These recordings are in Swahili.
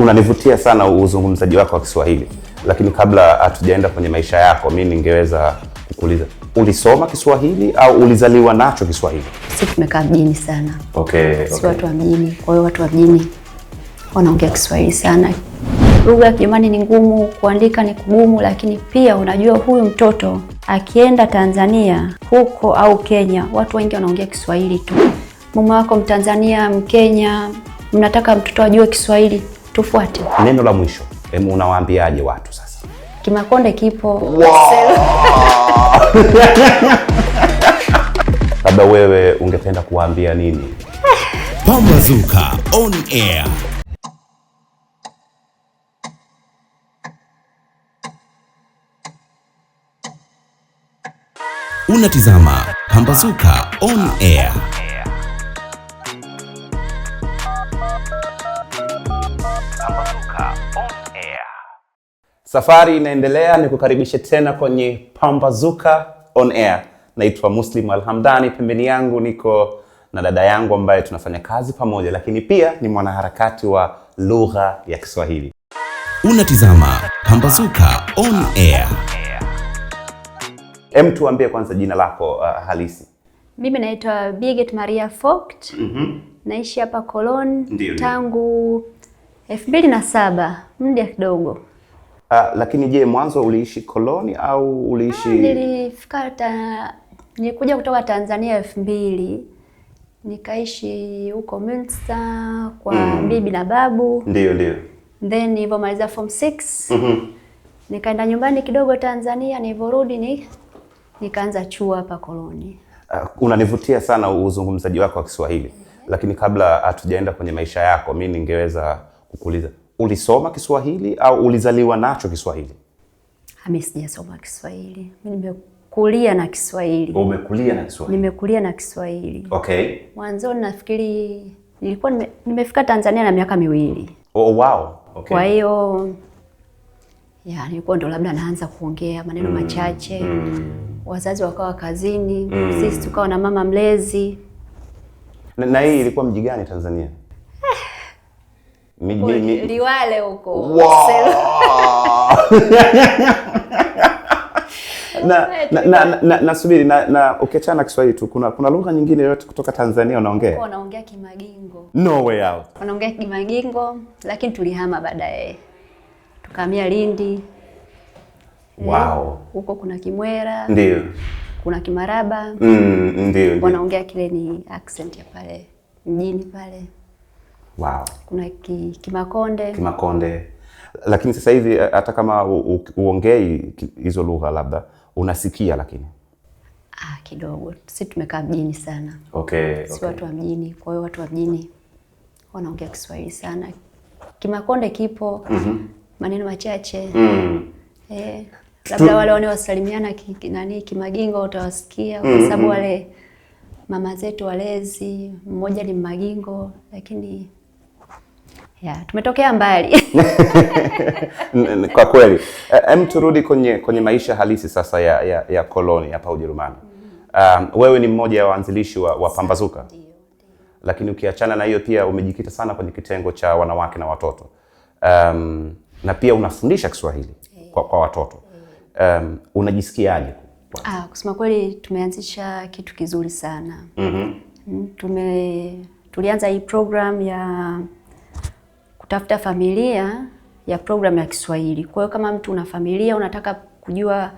unanivutia sana uzungumzaji wako wa Kiswahili, lakini kabla hatujaenda kwenye maisha yako, mi ningeweza kukuuliza ulisoma Kiswahili au ulizaliwa nacho Kiswahili? Sisi tumekaa mjini sana. Okay, si Watu wa mjini, kwa hiyo watu wa mjini wanaongea Kiswahili sana. Lugha ya Kijerumani ni ngumu, kuandika ni kugumu, lakini pia unajua huyu mtoto akienda Tanzania huko au Kenya, watu wengi wanaongea Kiswahili tu. Mama wako Mtanzania, Mkenya, mnataka mtoto ajue Kiswahili, Tufuate neno la mwisho. Hebu unawaambiaje watu sasa? Kimakonde kipo. Wow. Labda wewe ungependa kuwaambia nini? Pambazuka on air. Unatizama Pambazuka on air. Safari inaendelea, ni kukaribisha tena kwenye Pambazuka on Air. Naitwa Muslim Alhamdani, pembeni yangu niko na dada yangu ambaye tunafanya kazi pamoja, lakini pia ni mwanaharakati wa lugha ya Kiswahili. Unatizama Pambazuka on Air. Em, tuambie kwanza jina lako uh, halisi. Mimi naitwa Birgit Maria Vogt. mm -hmm. Naishi hapa Cologne tangu elfu mbili na saba, muda kidogo Uh, lakini je, mwanzo uliishi koloni au uliishi? Ah, nilifika ta... nilikuja kutoka Tanzania elfu mbili nikaishi huko Münster kwa mm. bibi na babu. Ndio, ndio. Then nilivyomaliza form 6 mm -hmm. nikaenda nyumbani kidogo Tanzania, nilivyorudi ni nikaanza chuo hapa koloni. Uh, unanivutia sana uzungumzaji wako wa Kiswahili mm -hmm. Lakini kabla hatujaenda kwenye maisha yako, mi ningeweza kukuuliza ulisoma Kiswahili au ulizaliwa nacho Kiswahili? Mimi sijasoma Kiswahili, mimi nimekulia na Kiswahili. Umekulia na Kiswahili? Nimekulia na Kiswahili. Okay. Mwanzoni nafikiri nilikuwa nime, nimefika Tanzania na miaka miwili. Oh, wow. Okay. Kwa hiyo ya nilikuwa ndo labda naanza kuongea maneno mm, machache mm. Wazazi wakawa kazini mm. Sisi tukawa na mama mlezi na hii ilikuwa mji gani Tanzania? mi, mi, mi, Liwale huko wow. na, na, na, na, na, na, na ukiachana na Kiswahili tu kuna kuna lugha nyingine yoyote kutoka Tanzania unaongea? Unaongea Kimagingo. No way out. Unaongea Kimagingo, lakini tulihama baadaye tukahamia Lindi. Wow. Huko kuna Kimwera. Ndio. Kuna Kimaraba. Mm, ndio. Wanaongea kile ni accent ya pale mjini pale. Wow. Kuna ki, Kimakonde. Kimakonde. Lakini sasa hivi eh, hata kama uongei hizo lugha labda unasikia lakini ah, kidogo. Sisi tumekaa mjini sana. Okay, si okay. Watu wa mjini, kwa hiyo watu wa mjini wanaongea Kiswahili sana. Kimakonde kipo mm -hmm. Maneno machache mm. Eh, labda wale wanaosalimiana ki, nani Kimagingo utawasikia kwa mm-hmm. sababu mm -hmm. wale mama zetu walezi mmoja ni Magingo lakini Yeah, tumetokea mbali kwa kweli. Hem, eh, turudi kwenye kwenye maisha halisi sasa ya ya, ya koloni hapa Ujerumani. Um, wewe ni mmoja wa waanzilishi wa, wa Pambazuka lakini ukiachana na hiyo pia umejikita sana kwenye kitengo cha wanawake na watoto um, na pia unafundisha Kiswahili eh. kwa, kwa watoto eh. um, unajisikiaje? Ah, kusema kweli tumeanzisha kitu kizuri sana mm-hmm. mm -hmm. tume tulianza hii program ya kutafuta familia ya programu ya Kiswahili. Kwa hiyo kama mtu una familia unataka kujua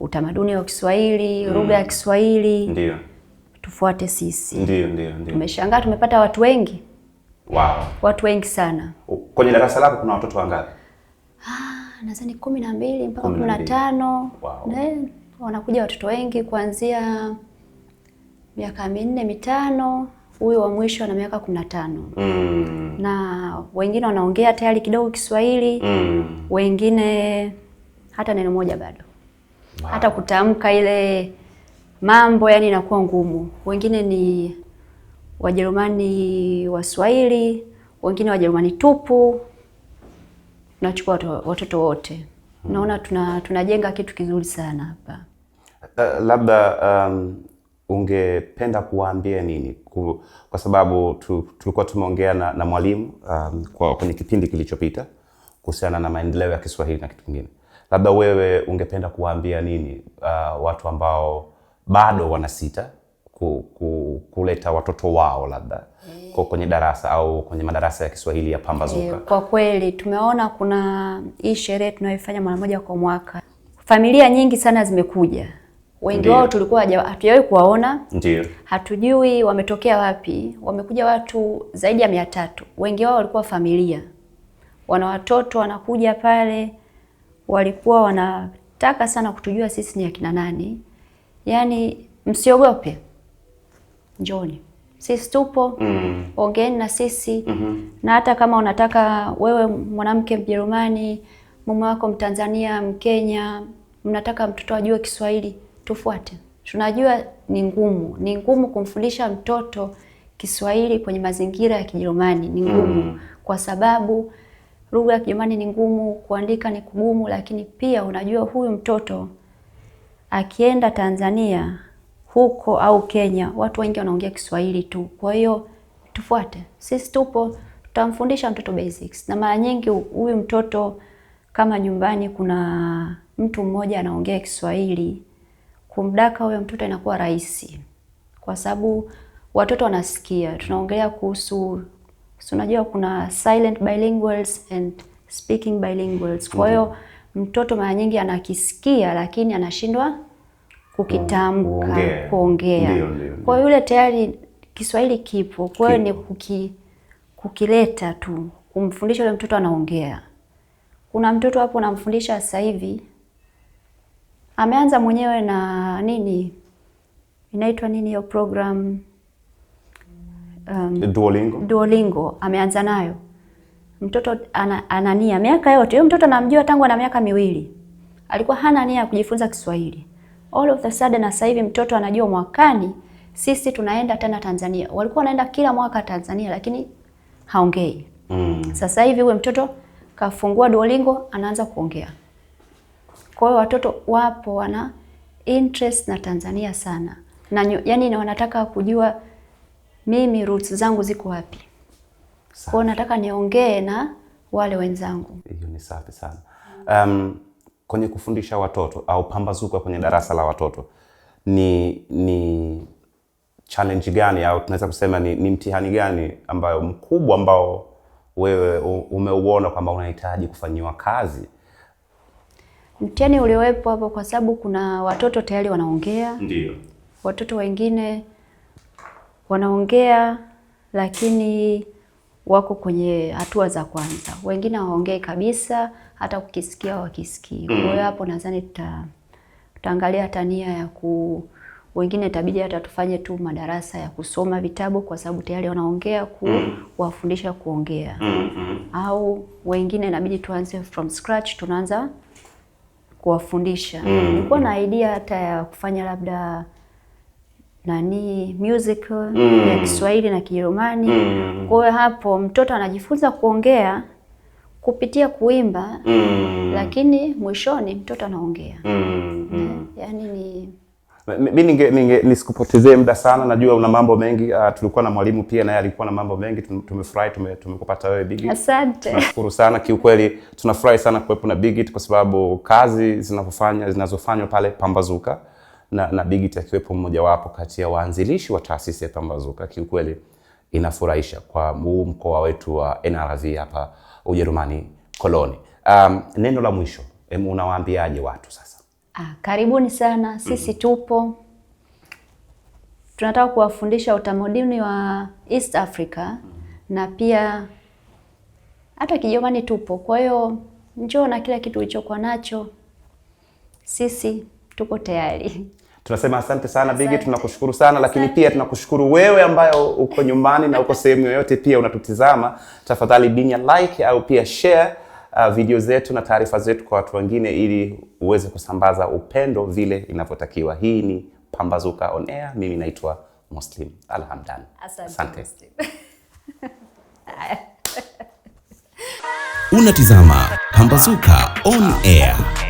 utamaduni wa Kiswahili, mm. lugha mm. ya Kiswahili, ndio tufuate sisi. Ndio, ndio, ndio. Tumeshangaa tumepata watu wengi. Wow. Watu wengi sana. Kwenye darasa lako kuna watoto wangapi? Ah, nadhani kumi na mbili mpaka kumi na tano. Wow. Ne, wanakuja watoto wengi kuanzia miaka minne mitano huyo wa mwisho ana miaka kumi na tano mm. na wengine wanaongea tayari kidogo Kiswahili mm. wengine hata neno moja bado wow. hata kutamka ile mambo yani inakuwa ngumu. Wengine ni Wajerumani Waswahili, wengine Wajerumani tupu. Tunachukua watoto wote, naona tuna tunajenga kitu kizuri sana hapa. Uh, labda um, ungependa kuwaambia nini? Kwa sababu tulikuwa tumeongea na, na mwalimu um, kwenye kipindi kilichopita kuhusiana na maendeleo ya Kiswahili na kitu kingine, labda wewe ungependa kuwaambia nini uh, watu ambao bado wanasita ku, ku, kuleta watoto wao labda e, kwenye darasa au kwenye madarasa ya Kiswahili ya Pambazuka? Eh, kwa kweli tumeona kuna hii sherehe tunayoifanya mara moja kwa mwaka, familia nyingi sana zimekuja wengi wao tulikuwa hatujawahi kuwaona, ndio hatujui wametokea wapi. Wamekuja watu zaidi ya mia tatu, wengi wao walikuwa familia, wana watoto, wanakuja pale, walikuwa wanataka sana kutujua sisi ni akina nani. Yaani, msiogope, njoni sisi tupo mm. Ongeeni na sisi mm -hmm. Na hata kama unataka wewe mwanamke Mjerumani, mume wako Mtanzania, Mkenya, mnataka mtoto ajue Kiswahili, tufuate. Tunajua ni ngumu, ni ngumu kumfundisha mtoto Kiswahili kwenye mazingira ya Kijerumani ni ngumu mm. kwa sababu lugha ya Kijerumani ni ngumu, kuandika ni kugumu, lakini pia unajua huyu mtoto akienda Tanzania huko au Kenya, watu wengi wanaongea Kiswahili tu. Kwa hiyo tufuate, sisi tupo, tutamfundisha mtoto basics. Na mara nyingi huyu mtoto kama nyumbani kuna mtu mmoja anaongea Kiswahili kumdaka huyo mtoto inakuwa rahisi, kwa sababu watoto wanasikia. Tunaongelea kuhusu, unajua kuna silent bilinguals and speaking bilinguals. Kwa hiyo mhm. mtoto mara nyingi anakisikia, lakini anashindwa kukitamka, kuongea. Kwa hiyo yule tayari Kiswahili kipo, kwa hiyo ni kuki, kukileta tu, kumfundisha yule mtoto anaongea. Kuna mtoto hapo unamfundisha sasa hivi ameanza mwenyewe na nini inaitwa nini hiyo program um, Duolingo. Duolingo ameanza nayo mtoto ana, ana nia miaka yote. Huyo mtoto namjua tangu ana miaka miwili, alikuwa hana nia ya kujifunza Kiswahili. All of the sudden na sasa hivi mtoto anajua mwakani sisi tunaenda tena Tanzania. Walikuwa wanaenda kila mwaka Tanzania, lakini haongei mm. Sasa hivi huyo mtoto kafungua Duolingo, anaanza kuongea. Kwa hiyo watoto wapo wana interest na Tanzania sana na yani, na wanataka kujua mimi roots zangu ziko wapi. Kwa hiyo nataka niongee na wale wenzangu. Hiyo ni safi sana. Um, kwenye kufundisha watoto au pambazuka kwenye darasa la watoto ni ni challenge gani au tunaweza kusema ni, ni mtihani gani ambayo mkubwa ambao wewe umeuona kwamba unahitaji kufanyiwa kazi mtihani uliowepo hapo, kwa sababu kuna watoto tayari wanaongea, ndio watoto wengine wanaongea lakini wako kwenye hatua za kwanza, wengine hawaongei kabisa, hata kukisikia wakisikii. Kwa hiyo mm. hapo nadhani tutaangalia hata nia ya ku wengine itabidi hata tufanye tu madarasa ya kusoma vitabu kwa sababu tayari wanaongea ku mm. wafundisha kuongea mm -hmm. au wengine inabidi tuanze from scratch, tunaanza kuwafundisha. Mm, mm. Nilikuwa mm. na idea hata ya kufanya labda nani musical mm. ya Kiswahili na Kijerumani mm. kwa hiyo hapo mtoto anajifunza kuongea kupitia kuimba mm. lakini mwishoni mtoto anaongea mm. yaani ni Mi ninge, ninge nisikupotezee muda sana, najua una mambo mengi. Uh, tulikuwa na mwalimu pia naye alikuwa na mambo mengi. Tumefurahi tume, tumekupata wewe Bigi, asante. Tunashukuru sana kiukweli, tunafurahi sana kuwepo na Bigit kwa sababu kazi zinazofanya zinazofanywa pale Pambazuka na, na Bigit akiwepo mmojawapo kati ya waanzilishi wa taasisi ya Pambazuka kiukweli inafurahisha kwa huu mkoa wetu wa NRV hapa Ujerumani Koloni. Um, neno la mwisho, unawaambiaje watu sasa? Ah, karibuni sana sisi mm -hmm. Tupo tunataka kuwafundisha utamaduni wa East Africa mm -hmm. na pia hata kijomani tupo. Kwa hiyo njoo na kila kitu ulichokuwa nacho, sisi tuko tayari. Tunasema asante sana asante. Bigi, tunakushukuru sana lakini Pia tunakushukuru wewe ambayo uko nyumbani na uko sehemu yoyote pia unatutizama. Tafadhali binya like au pia share uh, video zetu na taarifa zetu kwa watu wengine ili uweze kusambaza upendo vile inavyotakiwa. Hii ni Pambazuka On Air. Mimi naitwa Muslim Alhamdan. Asante. Unatizama Pambazuka On Air.